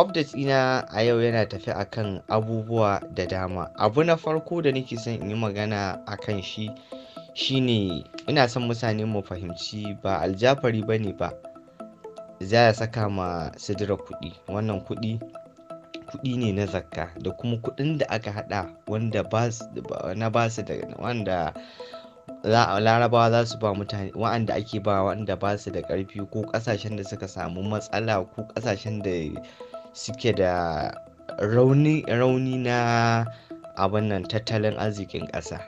update ɗina a yau yana tafi akan abubuwa da dama abu na farko da nake son in yi magana akan shi shine ina son mutane mu fahimci ba aljafari ba ne ba za ya saka ma sidira kuɗi wannan kuɗi kuɗi ne na zakka da kuma kuɗin da aka haɗa wanda na basu da wanda larabawa za su ba mutane wa'anda ake ba wanda ba su da ƙarfi ko kasashen da suka samu matsala ko ƙasashen da suke da rauni, rauni na abin nan tattalin arzikin ƙasa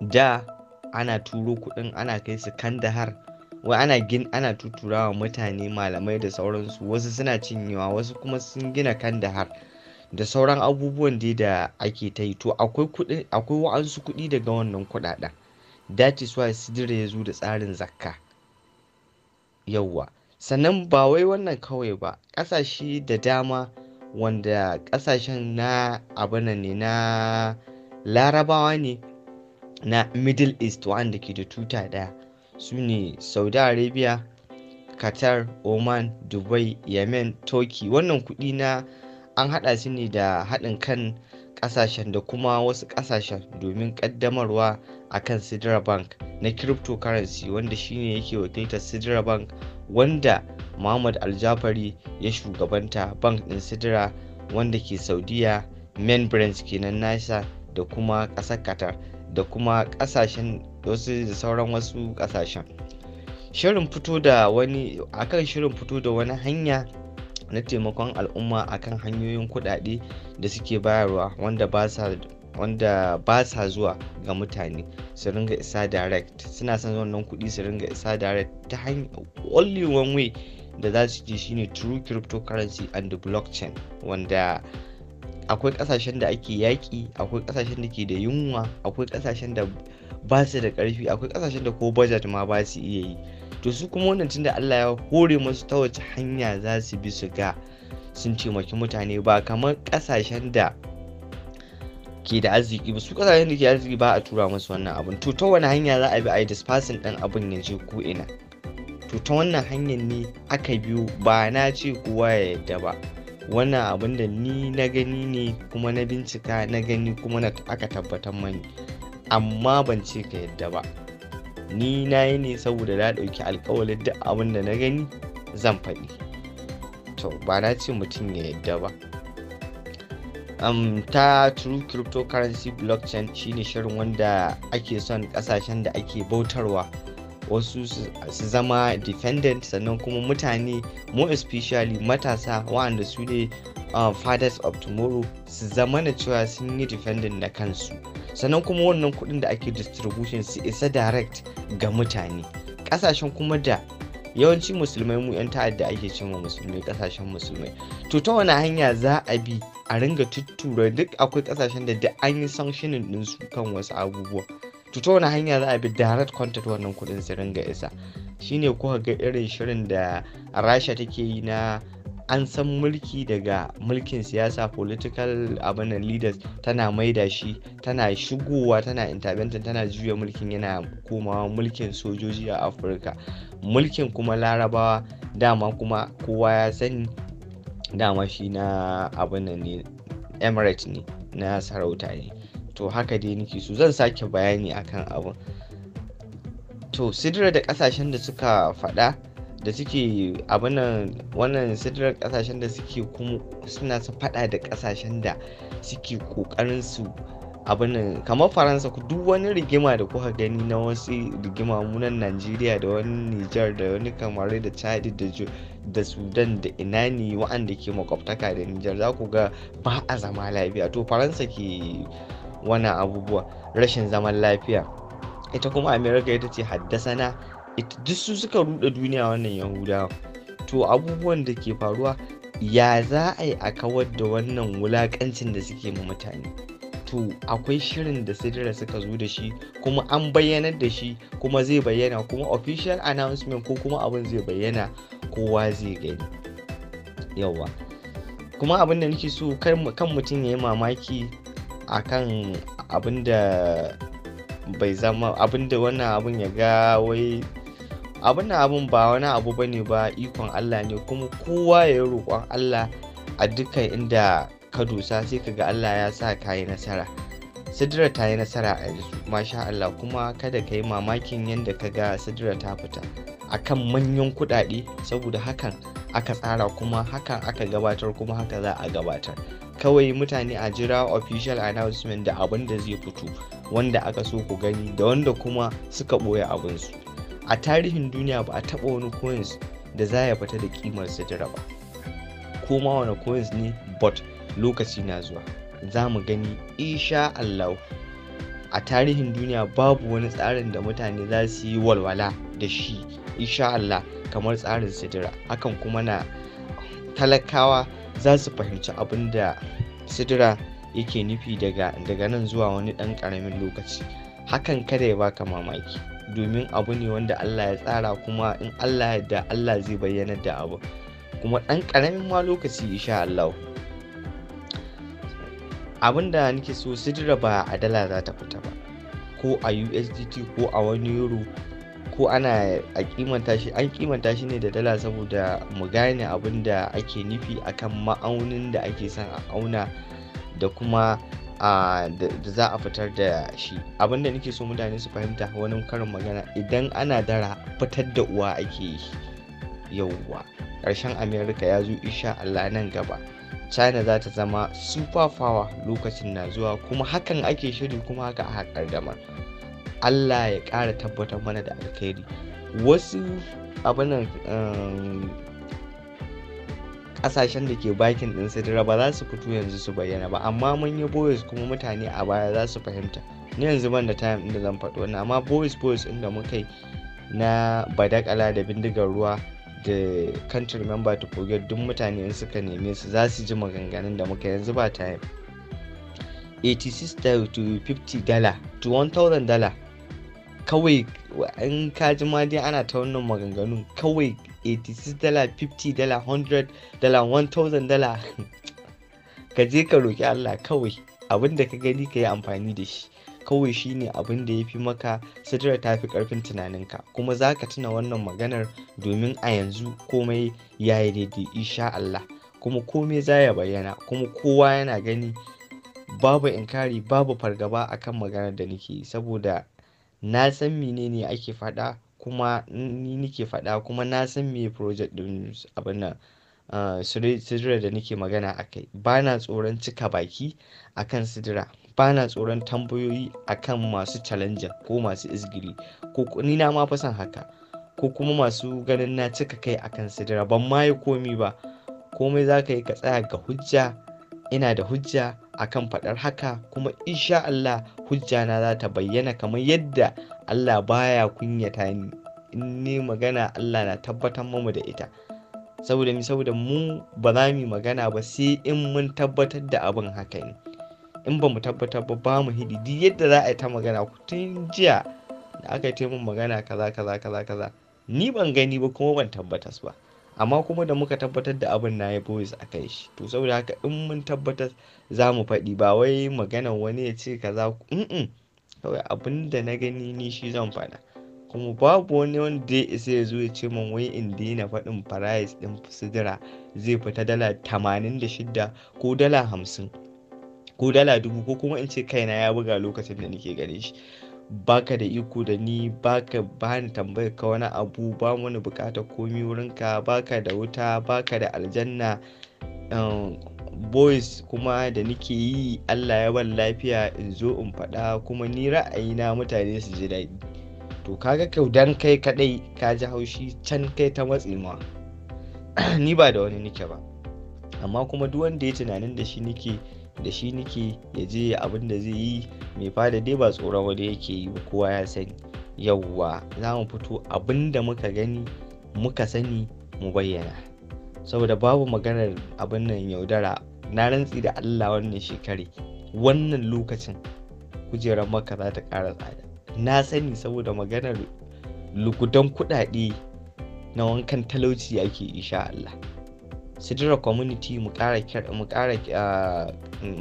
da ana turo kuɗin ana kai su kandahar wai ana gin ana tuturawa mutane malamai da sauransu wasu suna cinyewa wasu kuma sun gina kandahar da sauran abubuwan dai da ake ta yi to akwai kuɗi akwai wa'ansu kuɗi daga wannan kuɗaɗen that is why sidira ya zo da tsarin zakka yauwa sannan ba wai wannan kawai ba ƙasashe da dama wanda ƙasashen na abinan ne na larabawa ne na middle east wanda ke da tuta ɗaya su ne saudi arabia qatar oman dubai yemen turkey wannan kuɗi na an haɗa su ne da haɗin kan kasashen da kuma wasu kasashen domin kaddamarwa a kan sidra bank na cryptocurrency wanda shine yake wakiltar sidra bank wanda muhammad aljafari ya shugabanta bank din sidra wanda ke saudiya main branch kenan nasa da kuma ƙasar qatar da kuma kasashen wasu da sauran wasu kasashen shirin fito da wani akan shirin fito da wani hanya na taimakon al'umma akan hanyoyin kuɗaɗe da suke bayarwa wanda ba sa wanda ba sa zuwa ga mutane su ringa isa direct suna son wannan kuɗi su ringa isa direct ta hanyar only one way da za su je shine true cryptocurrency and the blockchain wanda akwai kasashen da ake yaƙi akwai kasashen da ke da yunwa akwai kasashen da ba su da ƙarfi akwai kasashen da ko budget ma ba su iya yi to su kuma wannan tunda Allah ya hore masu ta wace hanya za su bi su ga sun taimaki mutane ba kamar kasashen da ke da arziki ba su kasashen da ke arziki ba a tura musu wannan abun to ta wani hanya za a bi a yi fasin ɗin abin ya je ko ina to ta wannan hanyar ne aka biyo ba na ce kowa ya yadda ba wannan abin da ni na gani ne kuma na bincika na gani kuma aka tabbatar mani amma ban ce ka yadda ba ni na yi ne saboda na ɗauki alkawalin duk abin da na gani zan faɗi to ba na ce mutum ya yadda ba um, ta true cryptocurrency blockchain shine shirin wanda ake son kasashen da ake bautarwa wasu su zama defendant sannan kuma mutane more especially matasa waɗanda su ne ah, fathers of tomorrow su zama na cewa sun yi defendant na kansu sannan kuma wannan kuɗin da ake distribution su isa direct ga mutane ƙasashen kuma da yawanci musulmai mu 'yan ta'adda ake cewa musulmai ƙasashen musulmai to ta wani hanya za a bi a ringa tuttura duk akwai ƙasashen da duk an yi sanctioning su kan wasu abubuwa to ta wani hanya za a bi direct contact wannan kuɗin su ringa isa shine kuka ga irin shirin da rasha take yi na an san mulki daga mulkin siyasa political abinan leaders tana maida shi tana shigowa tana intervention tana juya mulkin yana komawa mulkin sojoji a afirka mulkin kuma larabawa dama kuma kowa ya sani dama shi na abinan ne emirates ne na sarauta ne to haka dai nake su zan sake bayani akan abin to sidira da kasashen da suka faɗa da suke abinan wannan sidirar kasashen da suke kuma suna su fada da kasashen da suke kokarin su abinan kamar faransa duk wani rigima da kuka gani na wasu rigima munan najeriya da wani nijar da wani kamarai da chad da sudan da ina wa'anda ke makwabtaka da nijar za ku ga ba a zama lafiya to faransa ke wani abubuwa rashin zaman lafiya ita kuma america ita ce haddasa na. ita duk su suka ruɗe duniya wannan Yahuda, to abubuwan da ke faruwa ya za a yi a kawar da wannan wulakancin da suke ma mutane to akwai shirin da sidira suka zo da shi kuma an bayyanar da shi kuma zai bayyana kuma official announcement ko kuma abin zai bayyana kowa zai gani yawa kuma abin da nake so kan mutum ya yi mamaki akan abin da bai zama abin da wannan abin ya ga wai abin na abin ba wani abu ba ne ba ikon Allah ne kuma kowa ya yi roƙon Allah a dukkan inda ka dusa sai ka ga Allah ya sa ka yi nasara sidira ta yi nasara a yanzu masha Allah kuma kada ka yi mamakin yadda ka ga sidira ta fita akan manyan kuɗaɗe saboda hakan aka tsara kuma hakan aka gabatar kuma haka za a gabatar kawai mutane a jira official announcement da abin da zai fito wanda aka so ku gani da wanda kuma suka ɓoye abinsu a tarihin duniya ba a taɓa wani coins da za ya fita da kimar sidira ba ko ma wani coins ne but lokaci na zuwa za mu gani isha Allah a tarihin duniya babu wani tsarin da mutane za su yi walwala da shi isha Allah kamar tsarin sidira hakan kuma na talakawa za su fahimci abin da sidira yake nufi daga nan zuwa wani ɗan ƙaramin lokaci hakan kada ya baka mamaki domin abu ne wanda Allah ya tsara kuma in Allah da Allah zai bayyana da abu kuma ɗan karamin ma lokaci insha Allah abin da nake so sidira ba a dala za ta fita ba ko a USDT ko a wani euro ko ana a kimanta shi an kimanta shi ne da dala saboda mu gane abin da ake nufi akan ma'aunin da ake son a auna da kuma da za a fitar da shi abinda nake so mutane su fahimta wani karin magana idan ana dara fitar da uwa ake yi yauwa ƙarshen Amerika ya zo isha allah nan gaba china za ta zama super power lokacin na zuwa kuma hakan ake shiri kuma haka a haƙar ma. allah ya ƙara tabbatar mana da alkhairi wasu abinan um, kasashen da ke bakin din sidira ba za su fito yanzu su bayyana ba amma mun yi boys kuma mutane a baya za su fahimta ni yanzu ban da time inda zan faɗi wannan amma boys boys inda muka yi na badakala da bindigar ruwa da country member to forget duk mutane in suka neme su za su ji maganganun da muka yanzu ba time 86 to 50 dala to 1000 dala kawai in ka ji ma dai ana ta wannan maganganun kawai 86 dala 50 dala 100 dala 1000 dala ka je ka roƙi Allah kawai abin da ka gani ka yi amfani da shi kawai shi ne abin da ya fi maka sidira ta fi ƙarfin tunaninka kuma za ka tuna wannan maganar domin a yanzu komai ya yi daidai insha Allah kuma komai za ya bayyana kuma kowa yana gani babu inkari babu fargaba akan maganar da nake saboda na san menene ake faɗa kuma ni nike faɗa kuma na san me project ɗin abin nan eh, sidira da nike magana a kai ba na tsoron cika baki a kan sidira ba na tsoron tambayoyi a kan masu challenge ko masu izgiri ko ni na ma fi son haka ko kuma masu ganin na cika kai a kan sidira ban ma yi komi ba komai za ka yi ka tsaya ga hujja ina da hujja akan faɗar haka kuma insha Allah hujjana za ta bayyana kamar yadda Allah baya kunyata ni in ni magana Allah na tabbatar mamu da ita saboda mi saboda mu ba za mu magana ba sai in mun tabbatar da abin haka ne in ba mu tabbatar ba ba mu hidi duk yadda za a yi ta magana tun jiya da aka yi mun magana kaza kaza kaza kaza ni ban gani ba kuma ban tabbatas ba amma kuma da muka tabbatar da abin na yi boys a kai shi to saboda haka in mun tabbatar za mu faɗi ba wai magana wani ya ce ka za mm kawai abin da na gani ni shi zan faɗa kuma babu wani wanda ya isa ya zo ya ce min wai in daina faɗin price ɗin sidira zai fita dala tamanin ko dala hamsin ko dala dubu ko kuma in ce kaina ya buga lokacin da nake gare shi baka da iko da ni baka bani tambayar ka wani abu ba wani bukatar komi wurinka baka da wuta baka da aljanna um, boys kuma da nike yi allah ya ban lafiya in zo in faɗa kuma ni ra'ayina mutane su ji daɗi to kaga kyau dan kai kadai ka ji haushi can kai ta matse ma ni ba da wani nike ba amma kuma duk wanda ya tunanin da shi nike da shi nike ya je abin da zai yi mai fada dai ba tsoron wanda yake yi kowa ya sani yauwa za mu fito abin da muka gani muka sani mu bayyana saboda babu maganar abin nan yaudara na rantsi da allah wannan shekare wannan lokacin kujerar maka za ta ƙara tsada na sani saboda maganar lukudan kuɗaɗe na wankan talauci ake isha allah sidira community ah, mu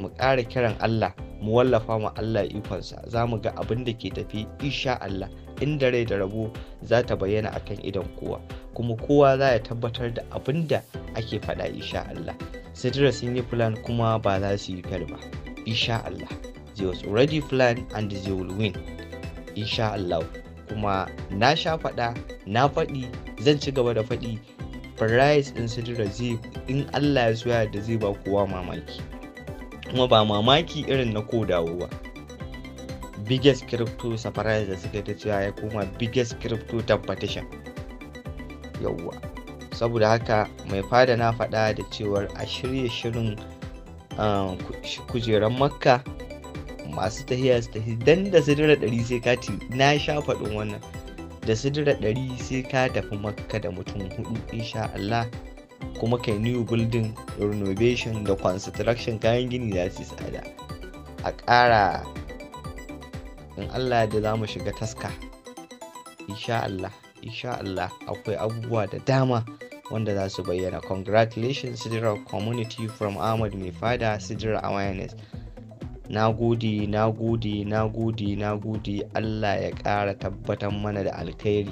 ƙara kiran Allah mu wallafa mu Allah ikonsa za mu ga abin da ke tafi insha Allah inda rai da rabo za ta bayyana akan idan kowa kuma kowa za ya tabbatar da abin da ake faɗa insha Allah sidira sun yi plan kuma ba za su yi fel ba insha Allah they was already plan and they will win insha Allah kuma na sha faɗa na faɗi zan ci gaba da faɗi price ɗin sidira zai in allah ya soya da zai ba kowa mamaki kuma ba mamaki irin na kodawo ba biggest crypto surprise da suka ta cewa ya koma biggest crypto competition yauwa saboda haka mai fada na faɗa da cewar a shirya shirin ah, kujeran makka masu tahiya su tahi dan da sidira ɗari sai kati na sha faɗin wannan da sidira ɗari sai ka tafi makka da mutum hudu insha Allah kuma kai new building renovation da construction kayan gini za su tsada a ƙara in Allah da za mu shiga taska insha Allah insha Allah akwai abubuwa da dama wanda za su bayyana congratulations sidira community from ahmad mai fada sidira awareness na gode na gode na gode na gode allah ya ƙara tabbatar mana da alkhairi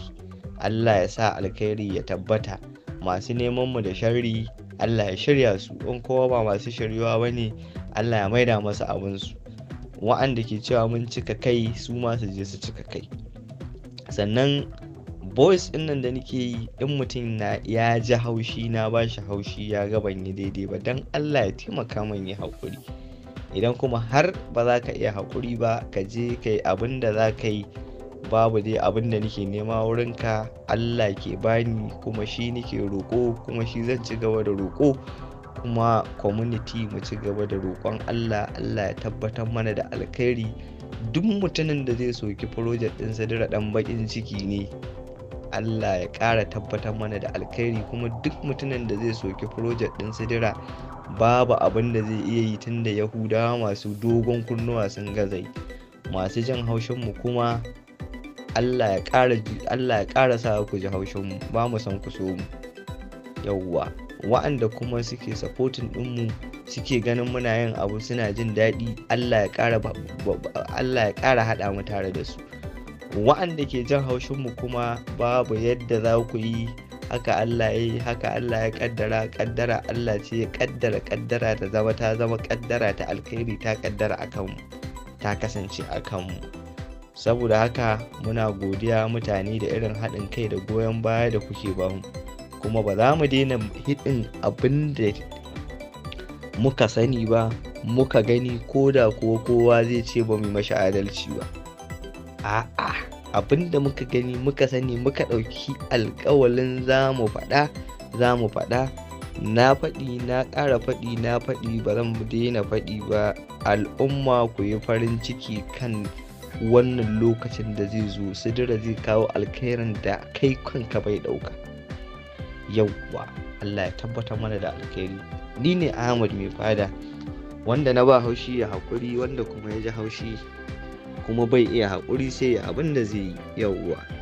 allah ya sa alkhairi ya tabbata masu neman mu da shari allah ya shirya su in kowa ba masu shiryuwa ba ne allah ya maida masu abinsu wa'anda ke cewa mun cika kai su ma su je su cika kai sannan boys din nan da nake yi in mutum na ya ji haushi na ba shi haushi ya ga ban daidai ba don allah ya taimaka min yi haƙuri idan kuma har ba za ka iya haƙuri ba ka je ka yi abin da za ka yi babu dai abin da nake nema wurinka allah ke bani kuma shi nake roƙo kuma shi zan ci gaba da roƙo kuma community mu ci gaba da roƙon allah allah ya tabbatar mana da alkhairi duk mutumin da zai soki project ɗin sadira ɗan baƙin ciki ne allah ya ƙara tabbatar mana da alkhairi kuma duk mutumin da zai soki project ɗin sadira babu abin da zai iya yi tun da yahudawa masu dogon kunnuwa sun gazai masu jin haushinmu kuma allah ya ƙara sa ku ji haushinmu ba mu san ku so mu yauwa wa'anda kuma suke sapotin ɗinmu suke ganin muna yin abu suna jin daɗi allah ya kara haɗa mu tare da su wa'anda ke jin haushinmu kuma babu yadda za ku yi haka Allah ya yi haka Allah ya kaddara kaddara Allah ce ya kaddara kaddara ta zama ta zama kaddara ta alkhairi ta kaddara akan ta kasance a kanmu saboda haka muna godiya mutane da irin haɗin kai da goyon baya da kuke ba kuma ba za mu daina hidin abin da muka sani ba muka gani ko da kowa zai ce ba mu mashi adalci ba a'a abin da muka gani muka sani muka ɗauki alkawalin za mu faɗa za mu faɗa na faɗi na ƙara faɗi na faɗi ba zan daina faɗi ba al'umma ku yi farin ciki kan wannan lokacin da zai zo sidira zai kawo alkhairin da kai kanka bai ɗauka yauwa allah ya tabbatar mana da alkhairi ni ne ahmad mai fada wanda na ba haushi ya haƙuri wanda kuma ya ji haushi kuma bai iya haƙuri sai abin da zai yi yauwa